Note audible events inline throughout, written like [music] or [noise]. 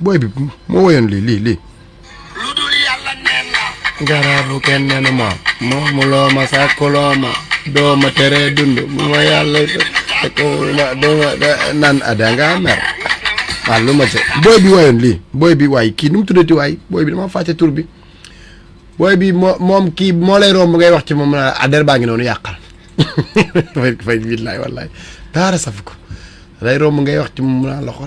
booy bi moo woyoon lii lii lii. lu dul yàlla neen na. garaabu kenn nenu ma. moomu loo ma sàkkuloo ma. doo ma teree mu ma yàlla doo ma naan ah dangaa ma booy bi woyoon lii booy bi waay kii nu mu tuddati waay booy bi dama fàtte tur bi. booy bi moo moom kii moo lay romb ngay wax ci moom naa ah, adder baa ngi noonu [laughs] ngay wax ci naa loxo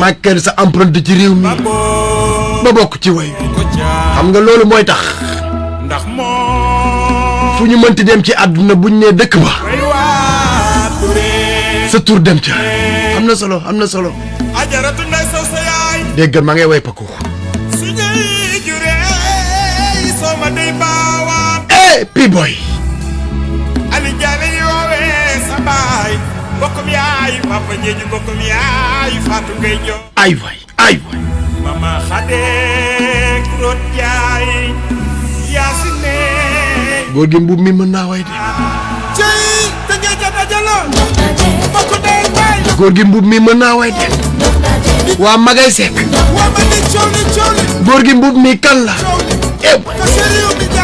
marqué sa empreinte ci réew mi ba bokk ci way xam nga loolu mooy tax fu ñu mënti dem ci àdduna buñ nee dëkk ba sa tur dem ca am na solo am na solo déggal maa ngay way pako eh P-Boy papa ay waay ay waay mama gi mbubb mi mën naa way de cëy te gi mbubb mi mën naa way de waa magay sekk waa ma gi mbubb mi kan la eew eh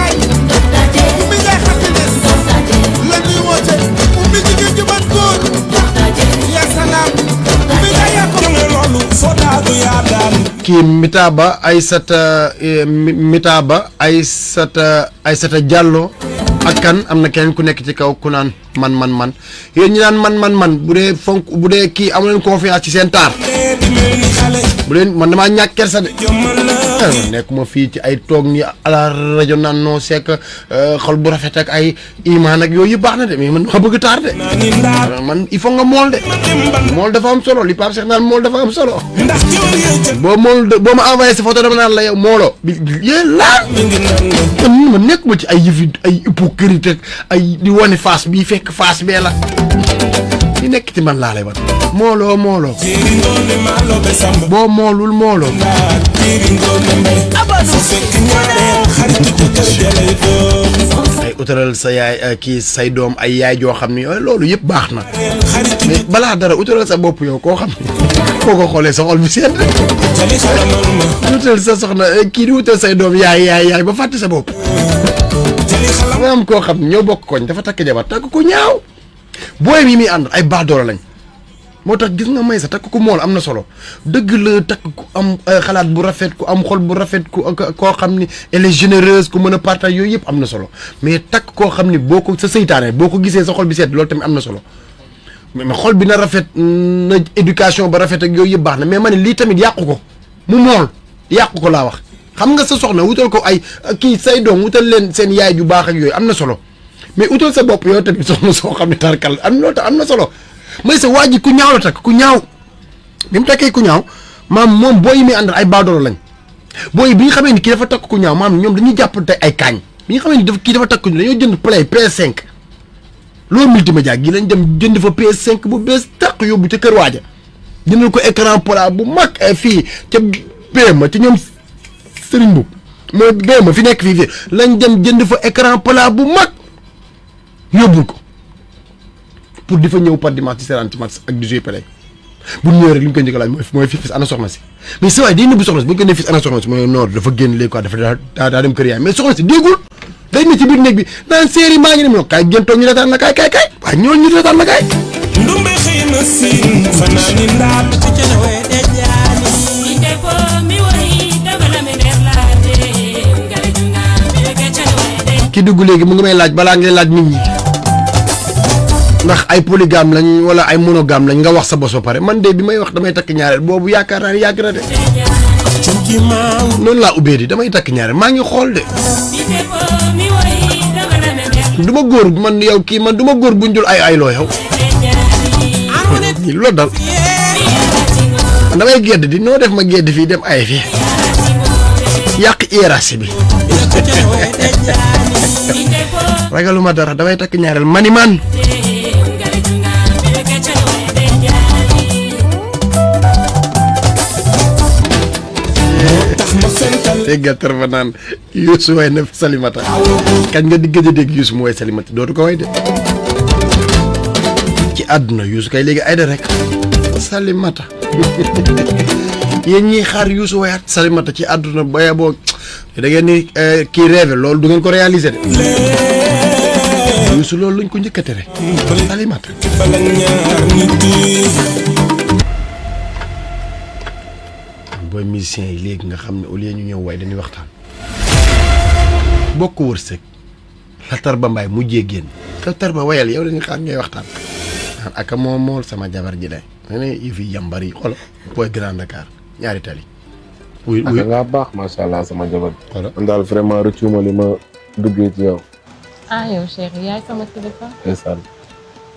kii Mitaba ay eh, Mitaba Aysata Aysata Diallo ak kan am na kenn ku nekk ci kaw ku naan man man man yéen ñi naan man man man bu dee fonk bu dee kii amu leen confiance ci seen taar. bu leen man damaa ñàkk kersa de eh, nekkuma fii ci ay toog ni à la naan noo sekk eh, xol bu rafet ak ay imaan ak yooyu yëpp baax na de mais man dama bëgg taar de man il faut nga mool de mool dafa am solo li Pape Cheikh naan mool dafa am solo boo mool boo ma envoyé sa photo dama naan la yow moolo bi yée laa man nekkuma ci ay yëfi ay hypocrite ay di wane face bii fekk face bee la nekk ci man laa lay wan mooloo mooloo boo moolul mooloo ay utalal sa yaay kii say doom ay yaay joo xam ni loolu yëpp baax na balaa dara utalal sa bopp yow koo xam ni koo ko xoolee sa xol bi sedd utal sa soxna kii di utal say doom yaay yaay yaay ba fàtte sa bopp nga am koo xam ñoo bokk koñ dafa takk jabar takk ku ñaaw booy yi muy ànd ay baadoolo lañ moo tax gis nga may sa takk ko mool am na solo dëgg la takk ko am euh, xalaat bu rafet ku am xol bu rafet ku koo xam ni elle est généreuse ku mën a yooyu yëpp am na solo mais takk koo xam ni boo ko sa seytaane boo ko gisee sa bi seet loolu tamit am na solo mais xol bi na rafet na éducation ba rafet ak yooyu yëpp baax na mais ma ne lii tamit yàqu ko mu mool yàq ko laa wax xam nga sa soxna wutal ko ay kii say doom wutal leen seen yaay ju baax ak yooyu am na solo mais utal sa bopp yow tamit [laughs] soxna soo xam ne tarkal am na am na solo sa waa ku ñaaw la takk ku ñaaw bi mu takkee ku ñaaw maam moom booy yi muy àndal ay baadoolo lañ booy bi nga xamee ni kii dafa takk ku ñaaw maam ñoom dañuy jàppante ay kaañ bi nga xamee ni dafa kii dafa takk ñu dañoo jënd play PS5 loolu multimédia gi lañ dem jënd fa PS5 bu bees tàq yóbbu ca kër waaja jëndal ko écran plat bu mag eh, fii ca BMA ci ñoom Serigne Mboup mais BMA fi nekk fii fii lañ dem jënd fa écran plat bu mag yobul ko pour difa ñew ñëw par di match ci match ak du jeu pelay bu ñew rek li ko njëkk moy moy mooy mooy ana soxna ci mais c'est vrai di ñu bu soxna si bu ko nee fis ana soxna ci moy nord dafa genn lé quoi dafa da da dem créer mais soxna ci déggul day ne ci bir néeg bi naan série ma ngi ni mo kaay gën tok ñu retaan na kay kay kay wa ñoo ñu retaan na kay ndumbe xeyna ci fanani fanaani ci ci ca dawee dee ki dugg léegi mu ngi may laaj bala ngay laaj nit ñi ay polygame lañ wala ay monogame lañ nga wax sa boss ba pare man dé bi may wax damay tak ñaarel bobu yakara yakara dé non na de di damay tak ñaarel ma ngi xol dé duma gor man yow ki man duma gor bu ñul ay ay lo yow lo dal damay gedd di no def ma gedd fi dem ay fii yàq irasi bi [laughs] ragaluma dara damay tak ñaareel mani man déggatar ba naan Youssou way na Salimata kañ nga di gëj a dégg Youssou mu way Salimata dootu ko way de ci àdduna Youssou kay léegi Aïda rek Salimata [laughs] yéen ñiy xaar Youssou wayaat Salimata ci àdduna baya boo da ngeen ni eh, kii rêve loolu du ngeen ko réaliser de Youssou loolu lañ ko njëkkate rek Salimata booy musiciens yi léegi nga xam ne au lieu ñu ñëw waaye dañuy waxtaan. bokk wërsëg la ba mbaay mujjee génn. te ba wayal yow dañuy xaar ñooy waxtaan. ak moo mool sama jabar ji de. ma ne yu fi yambar yi xoolal. booy Grand Dakar ñaari tali. wuy ngaa ah, baax macha allah sama jabar. voilà man daal vraiment rëccuma li ma duggee ci yow. Ah,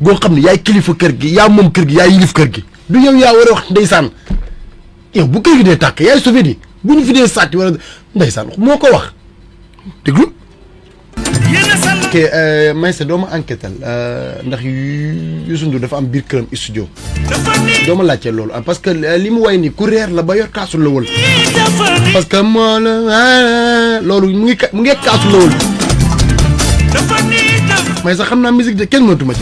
goo xam ne yaay kilifa kër gi yaa moom kër gi yaa yilif kër gi du yow yaa war wax ndeysaan yow bu kër gi dee tàkk yaay sauvé di bu ñu fi dee sàcc wala ndeysaan moo ko wax déglu. ok euh, Maysa doo ma enquêtal euh, ndax yu Ndour dafa am biir këram studio doo ma laajtee loolu ah, parce que euh, li mu way ni ku reer la ba yor kaasu la wël parce que moo la ah, loolu mu ngi mu ngi kaasu la wël mais sax xam naa musique de kenn mënatuma ci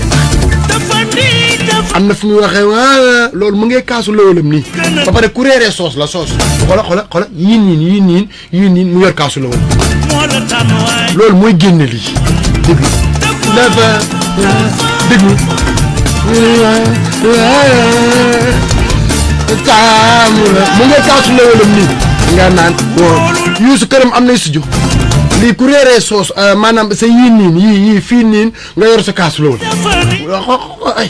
am na fu muy waxee waa loolu mu ngee kaasu lawalam nii ba pare ku soos la soos xola xola xola yiin yiin yiin yiin yiin yiin mu yor kaasu loolu mooy génne lii déglu dafa déglu taamu mu ngee kaasu lawalam nii nga naan yuusu këram am na studio lii ku réeree soos euh, maanaam sa yii niin yii fii niin nga yor sa kaas lool ay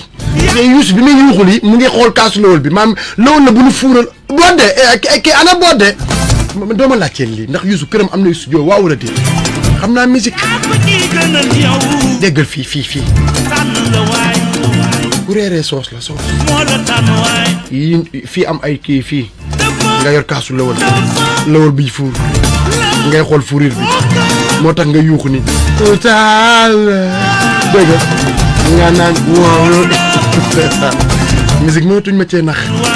yuusu bi muy yuuxul mu ngi xool kaasu lool bi maam loolu la bu ñu fuural bodde eh, kii ana bodde dooma laajteel lii ndax yuusu këram am na studio waaw naa musique fii fii fii ku réeree soos la soos fii am ay kii fii nga yor kaasu lawal lawal fuur ngay xool furiir bi moo tax nga yuuxu ni total dégg nga naan waaw [laughs] musique mënatuñ ma nax